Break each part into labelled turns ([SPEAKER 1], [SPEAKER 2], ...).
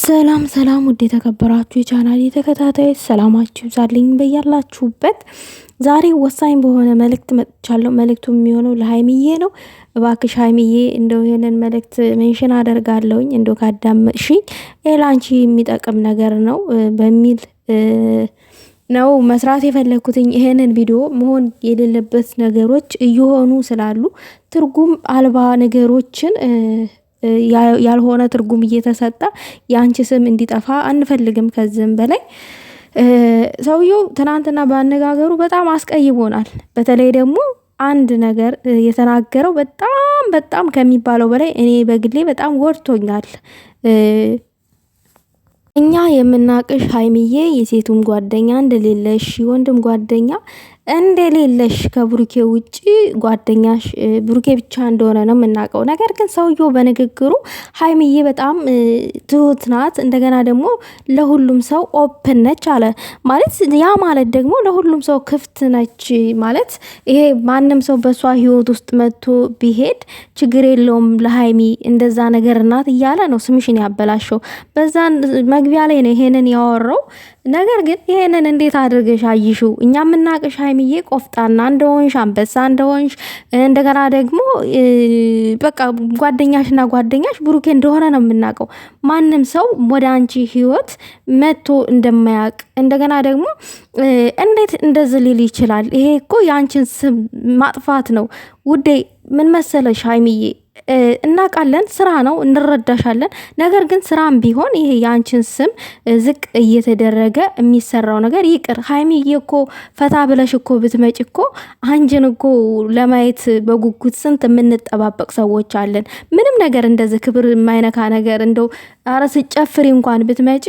[SPEAKER 1] ሰላም ሰላም ውድ የተከበራችሁ የቻናል የተከታታዮች ሰላማችሁ ይብዛልኝ በያላችሁበት። ዛሬ ወሳኝ በሆነ መልእክት መጥቻለሁ። መልእክቱ የሚሆነው ለሀይሚዬ ነው። እባክሽ ሀይሚዬ እንደው ይህንን መልእክት ሜንሽን አደርጋለሁኝ እንደው ካዳመጥሽኝ ይሄ ላንቺ የሚጠቅም ነገር ነው በሚል ነው መስራት የፈለግኩትኝ። ይሄንን ቪዲዮ መሆን የሌለበት ነገሮች እየሆኑ ስላሉ ትርጉም አልባ ነገሮችን ያልሆነ ትርጉም እየተሰጠ የአንቺ ስም እንዲጠፋ አንፈልግም። ከዚህም በላይ ሰውየው ትናንትና በአነጋገሩ በጣም አስቀይቦናል። በተለይ ደግሞ አንድ ነገር የተናገረው በጣም በጣም ከሚባለው በላይ እኔ በግሌ በጣም ወድቶኛል። እኛ የምናቅሽ ሀይሚዬ የሴቱም ጓደኛ እንደሌለሽ የወንድም ጓደኛ እንደሌለሽ ከብሩኬ ውጪ ጓደኛሽ ብሩኬ ብቻ እንደሆነ ነው የምናውቀው። ነገር ግን ሰውየው በንግግሩ ሀይሚዬ በጣም ትሁት ናት፣ እንደገና ደግሞ ለሁሉም ሰው ኦፕን ነች አለ ማለት። ያ ማለት ደግሞ ለሁሉም ሰው ክፍት ነች ማለት ይሄ ማንም ሰው በእሷ ህይወት ውስጥ መጥቶ ቢሄድ ችግር የለውም ለሀይሚ እንደዛ ነገር ናት እያለ ነው ስምሽን ያበላሸው። በዛ መግቢያ ላይ ነው ይሄንን ያወራው። ነገር ግን ይሄንን እንዴት አድርገሽ አይሹ? እኛ የምናቅሽ ሀይሚዬ ቆፍጣና እንደሆንሽ አንበሳ እንደሆንሽ እንደገና ደግሞ በቃ ጓደኛሽና ጓደኛሽ ብሩኬ እንደሆነ ነው የምናውቀው። ማንም ሰው ወደ አንቺ ህይወት መጥቶ እንደማያውቅ እንደገና ደግሞ እንዴት እንደዚህ ሊል ይችላል? ይሄ እኮ የአንቺን ስም ማጥፋት ነው ውዴ። ምን መሰለሽ ሀይሚዬ እናውቃለን፣ ስራ ነው፣ እንረዳሻለን። ነገር ግን ስራም ቢሆን ይሄ የአንችን ስም ዝቅ እየተደረገ የሚሰራው ነገር ይቅር። ሀይሚዬ እኮ ፈታ ብለሽ እኮ ብትመጭ እኮ አንጅን እኮ ለማየት በጉጉት ስንት የምንጠባበቅ ሰዎች አለን። ምንም ነገር እንደዚህ ክብር የማይነካ ነገር እንደው ኧረ ስጨፍሪ እንኳን ብትመጪ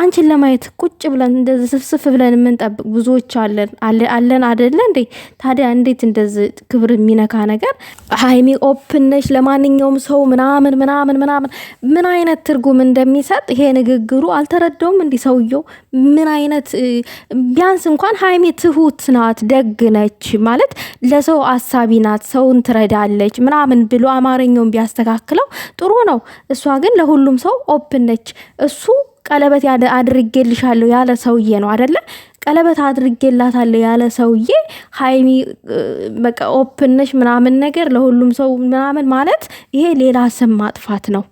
[SPEAKER 1] አንቺን ለማየት ቁጭ ብለን እንደዚህ ስፍስፍ ብለን የምንጠብቅ ብዙዎች አለን አለን አደለ እንዴ? ታዲያ እንዴት እንደዚህ ክብር የሚነካ ነገር ሀይሚ ኦፕን ምንድነሽ ለማንኛውም ሰው ምናምን ምናምን ምናምን ምን አይነት ትርጉም እንደሚሰጥ ይሄ ንግግሩ አልተረዳውም። እንዲህ ሰውየው ምን አይነት ቢያንስ እንኳን ሀይሚ ትሁት ናት፣ ደግ ነች ማለት ለሰው አሳቢ ናት፣ ሰውን ትረዳለች ምናምን ብሎ አማርኛውን ቢያስተካክለው ጥሩ ነው። እሷ ግን ለሁሉም ሰው ኦፕን ነች። እሱ ቀለበት አድርጌልሻለሁ ያለ ሰውዬ ነው አደለም? ቀለበት አድርጌላታለሁ ያለ ሰውዬ ሀይሚ በቃ ኦፕንሽ ምናምን ነገር ለሁሉም ሰው ምናምን ማለት ይሄ ሌላ ስም ማጥፋት ነው።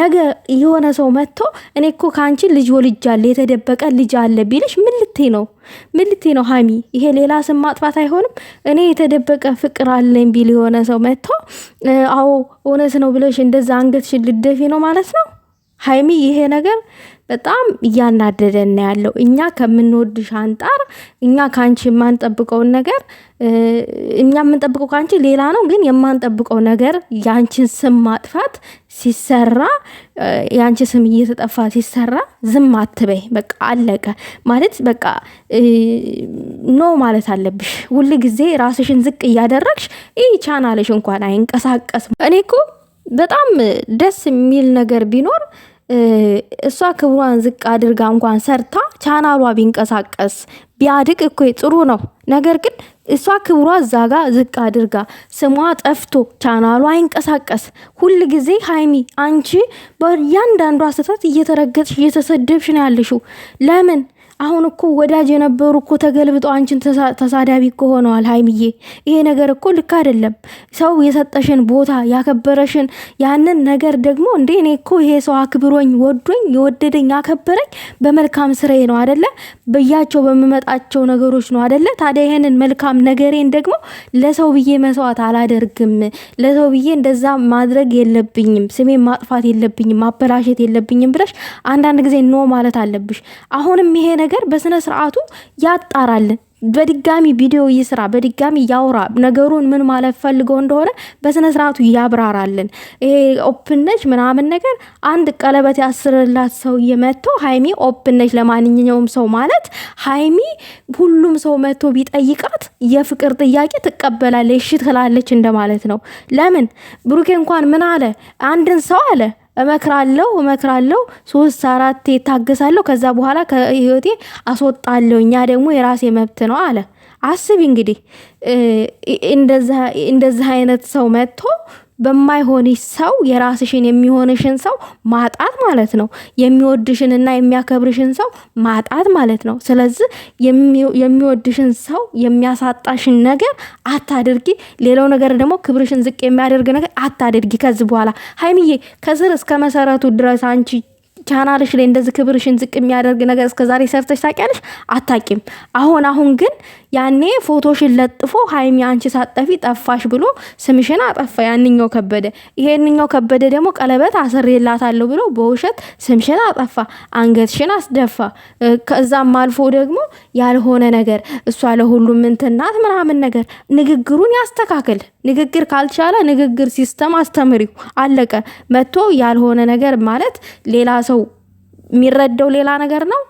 [SPEAKER 1] ነገ የሆነ ሰው መጥቶ እኔ እኮ ከአንቺ ልጅ ወልጃለሁ የተደበቀ ልጅ አለ ቢልሽ ምን ልቴ ነው? ምን ልቴ ነው ሀሚ? ይሄ ሌላ ስም ማጥፋት አይሆንም። እኔ የተደበቀ ፍቅር አለኝ ቢል የሆነ ሰው መጥቶ አዎ እውነት ነው ብለሽ እንደዛ አንገትሽን ልደፊ ነው ማለት ነው። ሀይሚ ይሄ ነገር በጣም እያናደደን ያለው እኛ ከምንወድሽ አንጣር እኛ ከአንቺ የማንጠብቀውን ነገር እኛ የምንጠብቀው ከአንቺ ሌላ ነው፣ ግን የማንጠብቀው ነገር የአንቺን ስም ማጥፋት ሲሰራ የአንቺ ስም እየተጠፋ ሲሰራ ዝም አትበይ። በቃ አለቀ ማለት በቃ ኖ ማለት አለብሽ። ሁል ጊዜ ራስሽን ዝቅ እያደረግሽ ይህ ቻናልሽ እንኳን አይንቀሳቀስም። እኔ እኮ በጣም ደስ የሚል ነገር ቢኖር እሷ ክብሯን ዝቅ አድርጋ እንኳን ሰርታ ቻናሏ ቢንቀሳቀስ ቢያድቅ እኮ ጥሩ ነው። ነገር ግን እሷ ክብሯ እዛ ጋ ዝቅ አድርጋ ስሟ ጠፍቶ ቻናሏ አይንቀሳቀስ። ሁል ጊዜ ሀይሚ አንቺ በእያንዳንዷ ስህተት እየተረገጥሽ እየተሰደብሽ ነው ያለሽው ለምን? አሁን እኮ ወዳጅ የነበሩ እኮ ተገልብጦ አንቺን ተሳዳቢ እኮ ሆነዋል። ሀይምዬ ይሄ ነገር እኮ ልክ አይደለም። ሰው የሰጠሽን ቦታ ያከበረሽን ያንን ነገር ደግሞ እንዴ እኔ እኮ ይሄ ሰው አክብሮኝ ወዶኝ የወደደኝ ያከበረኝ በመልካም ስራዬ ነው አደለ? በያቸው በምመጣቸው ነገሮች ነው አደለ? ታዲያ ይህንን መልካም ነገሬን ደግሞ ለሰው ብዬ መስዋዕት አላደርግም። ለሰው ብዬ እንደዛ ማድረግ የለብኝም፣ ስሜን ማጥፋት የለብኝም፣ ማበላሸት የለብኝም ብለሽ አንዳንድ ጊዜ ኖ ማለት አለብሽ። አሁንም ይሄ ነገር በስነ ስርዓቱ ያጣራልን። በድጋሚ ቪዲዮ ይስራ፣ በድጋሚ ያውራ፣ ነገሩን ምን ማለት ፈልጎ እንደሆነ በስነ ስርዓቱ ያብራራልን። ይሄ ኦፕነች ምናምን ነገር አንድ ቀለበት ያስርላት ሰው መጥቶ ሀይሚ ኦፕነች ለማንኛውም ሰው ማለት ሀይሚ ሁሉም ሰው መጥቶ ቢጠይቃት የፍቅር ጥያቄ ትቀበላለች፣ እሺ ትላለች እንደማለት ነው። ለምን ብሩኬ እንኳን ምን አለ? አንድን ሰው አለ እመክራለሁ እመክራለሁ ሶስት አራት ታገሳለሁ። ከዛ በኋላ ከህይወቴ አስወጣለሁ። እኛ ደግሞ የራሴ መብት ነው አለ። አስቢ እንግዲህ እንደዚህ አይነት ሰው መጥቶ በማይሆንሽ ሰው የራስሽን የሚሆንሽን ሰው ማጣት ማለት ነው። የሚወድሽንና የሚያከብርሽን ሰው ማጣት ማለት ነው። ስለዚህ የሚወድሽን ሰው የሚያሳጣሽን ነገር አታድርጊ። ሌላው ነገር ደግሞ ክብርሽን ዝቅ የሚያደርግ ነገር አታድርጊ። ከዚህ በኋላ ሀይሚዬ ከስር እስከ መሰረቱ ድረስ አንቺ ቻናልሽ ላይ እንደዚህ ክብርሽን ዝቅ የሚያደርግ ነገር እስከዛሬ ሰርተሽ ታውቂያለሽ? አታቂም። አሁን አሁን ግን ያኔ ፎቶሽን ለጥፎ ሀይሚ አንቺ ሳጠፊ ጠፋሽ ብሎ ስምሽን አጠፋ ያንኛው ከበደ። ይሄንኛው ከበደ ደግሞ ቀለበት አስሬላታለሁ ብሎ በውሸት ስምሽን አጠፋ፣ አንገትሽን አስደፋ። ከዛም አልፎ ደግሞ ያልሆነ ነገር እሷ ለሁሉም ምንትናት ምናምን ነገር ንግግሩን ያስተካክል። ንግግር ካልቻለ ንግግር ሲስተም አስተምሪው አለቀ። መጥቶ ያልሆነ ነገር ማለት ሌላ ሰው የሚረዳው ሌላ ነገር ነው።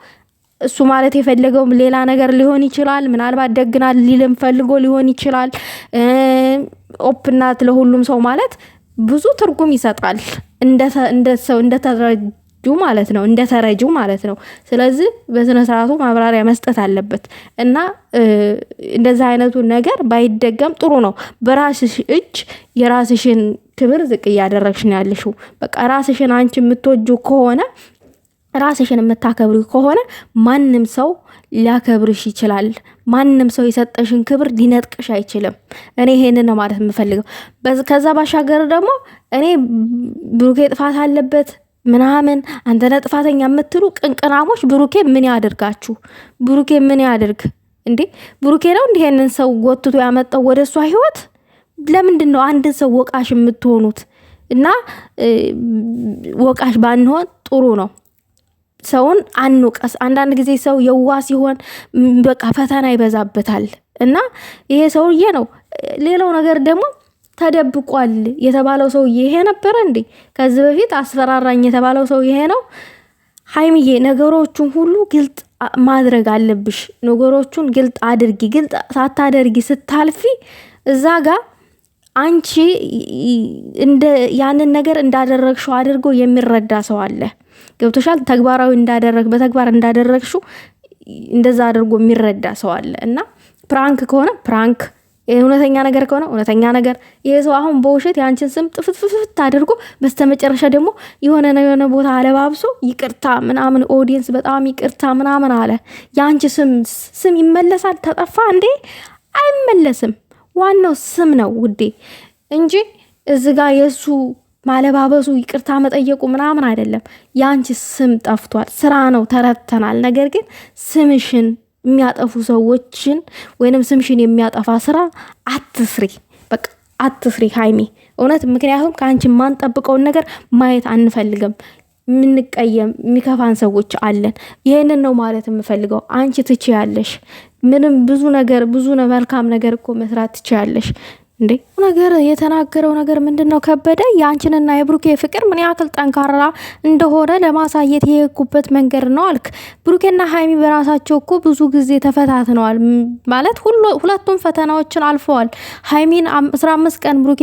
[SPEAKER 1] እሱ ማለት የፈለገው ሌላ ነገር ሊሆን ይችላል። ምናልባት ደግናል ሊልም ፈልጎ ሊሆን ይችላል። ኦፕናት ለሁሉም ሰው ማለት ብዙ ትርጉም ይሰጣል። እንደሰው እንደተረጁ ማለት ነው እንደተረጁ ማለት ነው። ስለዚህ በስነ ስርዓቱ ማብራሪያ መስጠት አለበት እና እንደዚህ አይነቱ ነገር ባይደገም ጥሩ ነው። በራስሽ እጅ የራስሽን ክብር ዝቅ እያደረግሽ ነው ያለሽው። በቃ ራስሽን አንቺ የምትወጁ ከሆነ ራስሽን የምታከብሪ ከሆነ ማንም ሰው ሊያከብርሽ ይችላል። ማንም ሰው የሰጠሽን ክብር ሊነጥቅሽ አይችልም። እኔ ይሄንን ነው ማለት የምፈልገው። ከዛ ባሻገር ደግሞ እኔ ብሩኬ ጥፋት አለበት ምናምን አንተነ ጥፋተኛ የምትሉ ቅንቅናሞች ብሩኬ ምን ያደርጋችሁ? ብሩኬ ምን ያደርግ እንዴ? ብሩኬ ነው እንዲህ ይሄንን ሰው ጎትቶ ያመጣው ወደ እሷ ህይወት። ለምንድን ነው አንድን ሰው ወቃሽ የምትሆኑት? እና ወቃሽ ባንሆን ጥሩ ነው። ሰውን አንውቀስ። አንዳንድ ጊዜ ሰው የዋ ሲሆን በቃ ፈተና ይበዛበታል እና ይሄ ሰውዬ ነው። ሌላው ነገር ደግሞ ተደብቋል የተባለው ሰውዬ ይሄ ነበረ እንዴ? ከዚህ በፊት አስፈራራኝ የተባለው ሰው ይሄ ነው። ሀይምዬ ነገሮቹን ሁሉ ግልጥ ማድረግ አለብሽ። ነገሮቹን ግልጥ አድርጊ። ግልጥ ሳታደርጊ ስታልፊ እዛ ጋ አንቺ ያንን ነገር እንዳደረግሽው አድርጎ የሚረዳ ሰው አለ። ገብቶሻል። ተግባራዊ እንዳደረግ በተግባር እንዳደረግሽው እንደዛ አድርጎ የሚረዳ ሰው አለ እና ፕራንክ ከሆነ ፕራንክ እውነተኛ ነገር ከሆነ እውነተኛ ነገር። ይሄ ሰው አሁን በውሸት የአንችን ስም ጥፍትፍፍት አድርጎ በስተመጨረሻ ደግሞ የሆነ የሆነ ቦታ አለባብሶ ይቅርታ ምናምን ኦዲየንስ በጣም ይቅርታ ምናምን አለ። የአንቺ ስም ስም ይመለሳል? ተጠፋ እንዴ? አይመለስም። ዋናው ስም ነው ውዴ እንጂ እዚ ጋር የእሱ ማለባበሱ ይቅርታ መጠየቁ ምናምን አይደለም። የአንቺ ስም ጠፍቷል። ስራ ነው ተረድተናል። ነገር ግን ስምሽን የሚያጠፉ ሰዎችን ወይንም ስምሽን የሚያጠፋ ስራ አትስሪ፣ በቃ አትስሪ ሀይሚ እውነት። ምክንያቱም ከአንቺ የማንጠብቀውን ነገር ማየት አንፈልግም። የምንቀየም የሚከፋን ሰዎች አለን። ይህንን ነው ማለት የምፈልገው። አንቺ ትችያለሽ። ምንም ብዙ ነገር ብዙ መልካም ነገር እኮ መስራት ትችያለሽ። እንዴ ነገር የተናገረው ነገር ምንድን ነው? ከበደ የአንችንና የብሩኬ ፍቅር ምን ያክል ጠንካራ እንደሆነ ለማሳየት የሄድኩበት መንገድ ነው አልክ። ብሩኬና ሀይሚ በራሳቸው እኮ ብዙ ጊዜ ተፈታትነዋል ማለት ሁለቱም ፈተናዎችን አልፈዋል። ሀይሚን አስራ አምስት ቀን ብሩኬ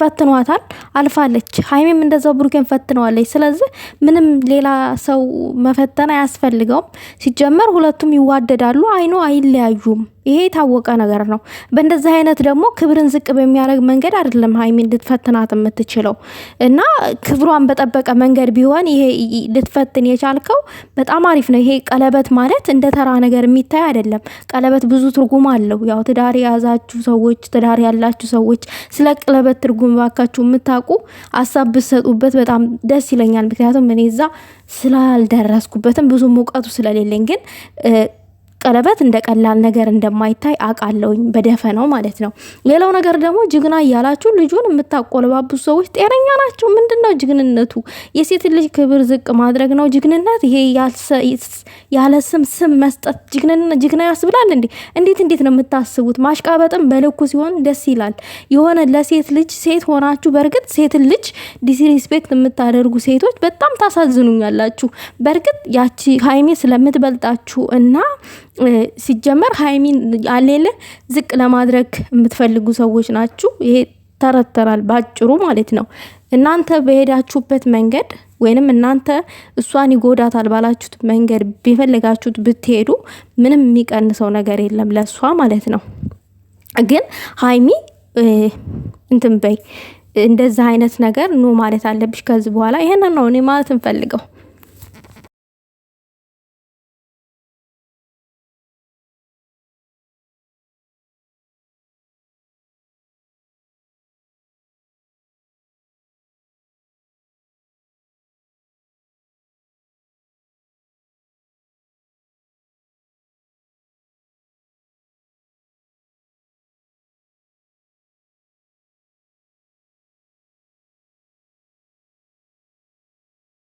[SPEAKER 1] ፈትኗታል፣ አልፋለች። ሀይሚም እንደዛው ብሩኬን ፈትነዋለች። ስለዚህ ምንም ሌላ ሰው መፈተን አያስፈልገውም። ሲጀመር ሁለቱም ይዋደዳሉ፣ አይኑ አይለያዩም። ይሄ የታወቀ ነገር ነው። በእንደዚህ አይነት ደግሞ ክብርን ዝቅ በሚያደርግ መንገድ አይደለም ሀይሚን ልትፈትናት የምትችለው እና ክብሯን በጠበቀ መንገድ ቢሆን ይሄ ልትፈትን የቻልከው በጣም አሪፍ ነው። ይሄ ቀለበት ማለት እንደ ተራ ነገር የሚታይ አይደለም። ቀለበት ብዙ ትርጉም አለው። ያው ትዳር የያዛችሁ ሰዎች፣ ትዳር ያላችሁ ሰዎች ስለ ቀለበት ትርጉም ባካችሁ የምታውቁ ሀሳብ ብትሰጡበት በጣም ደስ ይለኛል። ምክንያቱም እኔ እዛ ስላልደረስኩበትም ብዙም እውቀቱ ስለሌለኝ ግን ቀለበት እንደ ቀላል ነገር እንደማይታይ አቃለውኝ በደፈናው ማለት ነው። ሌላው ነገር ደግሞ ጅግና እያላችሁ ልጁን የምታቆለባብሱ ሰዎች ጤነኛ ናቸው? ምንድን ነው ጅግንነቱ? የሴት ልጅ ክብር ዝቅ ማድረግ ነው ጅግንነት ይሄ ያለ ስም ስም መስጠት ጅግና ያስብላል እንዴ? እንዴት እንዴት ነው የምታስቡት? ማሽቃበጥም በልኩ ሲሆን ደስ ይላል። የሆነ ለሴት ልጅ ሴት ሆናችሁ፣ በእርግጥ ሴት ልጅ ዲስሪስፔክት የምታደርጉ ሴቶች በጣም ታሳዝኑኛላችሁ። በእርግጥ ያቺ ሀይሜ ስለምትበልጣችሁ እና ሲጀመር ሀይሚን አሌለ ዝቅ ለማድረግ የምትፈልጉ ሰዎች ናችሁ። ይሄ ተረተራል በአጭሩ ማለት ነው። እናንተ በሄዳችሁበት መንገድ ወይንም እናንተ እሷን ይጎዳታል ባላችሁት መንገድ ቢፈልጋችሁት ብትሄዱ ምንም የሚቀንሰው ነገር የለም ለእሷ ማለት ነው። ግን ሀይሚ እንትን በይ እንደዚህ አይነት ነገር ኖ ማለት አለብሽ ከዚህ በኋላ ይሄንን ነው እኔ ማለት እንፈልገው